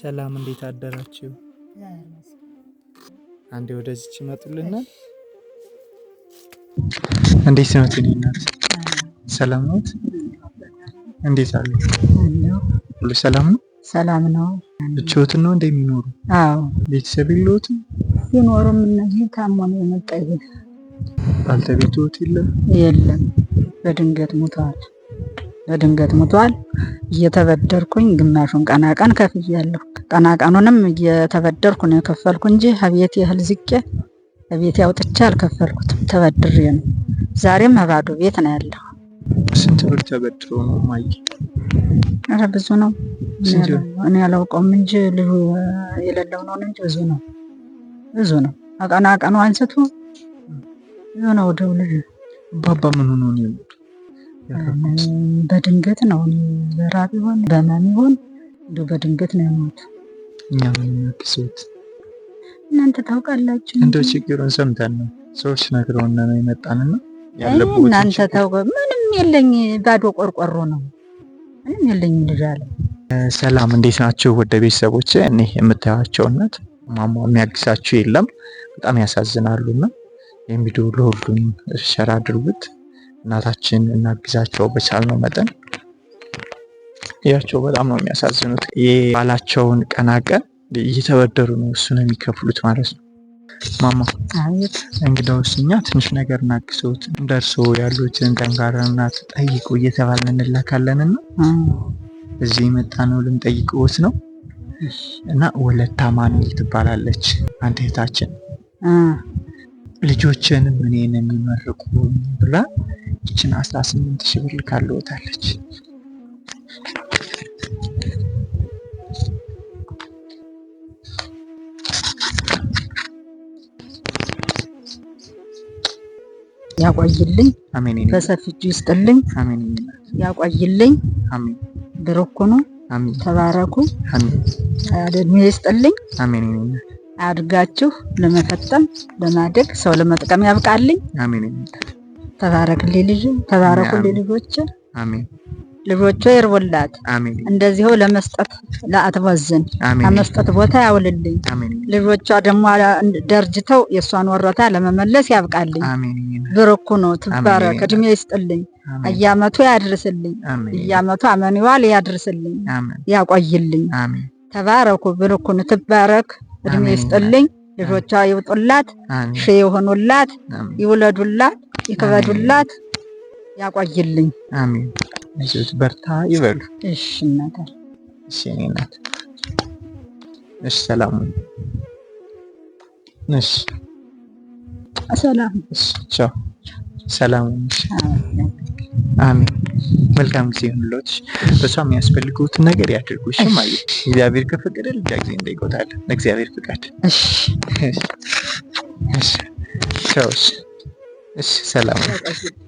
ሰላም፣ እንዴት አደራችሁ? አንዴ ወደዚች ይመጡልና፣ እንዴት ነው ትንናት? ሰላም ነው? እንዴት አሉ? ሁሉ ሰላም ነው? ሰላም ነው። ብቻዎትን ነው እንዴ የሚኖሩ? አዎ። ቤተሰብ የለዎትም? ሲኖሩም እነዚህ ታሞ ነው የመጣ ይሄ። ባልተቤት የለም? የለም፣ በድንገት ሙተዋል በድንገት ሙቷል። እየተበደርኩኝ ግማሹን ቀናቀን ከፍያለሁ። ቀናቀኑንም እየተበደርኩ ነው የከፈልኩ እንጂ ከቤቴ ያህል ዝቄ ከቤቴ አውጥቼ አልከፈልኩትም። ተበድሬ ነው። ዛሬም ባዶ ቤት ነው ያለው። ስንት ብር ተበድሮ ነው ማየ? ኧረ ብዙ ነው። እኔ አላውቀውም እንጂ ልዩ የሌለው ነው እንጂ ብዙ ነው፣ ብዙ ነው። ቀናቀኑ አንስቶ ብዙ ነው። ደው ልዩ አባባ ምን ሆኖ ነው የሞቱ በድንገት ነው። በራብ ይሆን በማም ይሆን በድንገት ነው የሞቱ። እኛ ምንመክሱት እናንተ ታውቃላችሁ። እንደ ችግሩን ሰምተን ነው ሰዎች ነግረውን ነው የመጣንና እናንተ ታውቀ ምንም የለኝ ባዶ ቆርቆሮ ነው ምንም የለኝ ልጅ አለ። ሰላም እንዴት ናችሁ? ወደ ቤተሰቦች እኔ የምታያቸው እናት ማማ የሚያግዛችሁ የለም። በጣም ያሳዝናሉና የሚዲዮ ለሁሉም ሸር አድርጉት። እናታችን እናግዛቸው በቻልነው መጠን እያቸው በጣም ነው የሚያሳዝኑት። የባላቸውን ቀናቀን እየተበደሩ ነው እሱን የሚከፍሉት ማለት ነው። ማማ እንግዳውስ እኛ ትንሽ ነገር እናግሶት እንደርሶ ያሉትን ጠንካራ እናት ጠይቁ እየተባልን እንላካለንና እዚህ የመጣ ነው ልንጠይቅዎት ነው እና ወለታ ማን ትባላለች አንድ እህታችን ልጆችንም እኔን የሚመርቁ ብላ ይችን አስራ ስምንት ሺህ ብር ካልወታለች። ያቆይልኝ፣ በሰፊ እጁ ይስጥልኝ፣ ያቆይልኝ። ብሩክ ሁኑ፣ ተባረኩ፣ እድሜ ይስጥልኝ። አድጋችሁ ለመፈጠም ለማደግ ሰው ለመጥቀም ያብቃልኝ። አሜን። ተባረክልኝ ልጅ፣ ተባረኩልኝ ልጆች። አሜን። ልጆቹ ይርቡላት። አሜን። እንደዚሁ ለመስጠት ለአትወዝን ከመስጠት ቦታ ያውልልኝ። ልጆቿ ደግሞ ደርጅተው የእሷን ወረታ ለመመለስ ያብቃልኝ። ብርኩ ነው። ትባረክ። እድሜ ይስጥልኝ። እያመቱ ያድርስልኝ። እያመቱ አመኒዋል ያድርስልኝ፣ ያቆይልኝ። ተባረኩ። ብርኩን ትባረክ እድሜ ይስጥልኝ፣ ልጆቿ ይውጡላት፣ ሺ ይሆኑላት፣ ይውለዱላት፣ ይክበዱላት፣ ያቆይልኝ። አሜን። ልጆች በርታ ይበሉ። እሺ እናታል። እሺ እኔ እሺ ሰላም። እሺ ሰላም። እሺ ቻው። ሰላም። አሜን። መልካም ጊዜ ይሁንሎት። በእሷ የሚያስፈልጉት ነገር ያድርጉ። እሺ እግዚአብሔር ከፈቀደ ልጃ ጊዜ እንጠይቀውታለን። ለእግዚአብሔር ፍቃድ። እሺ ሰላም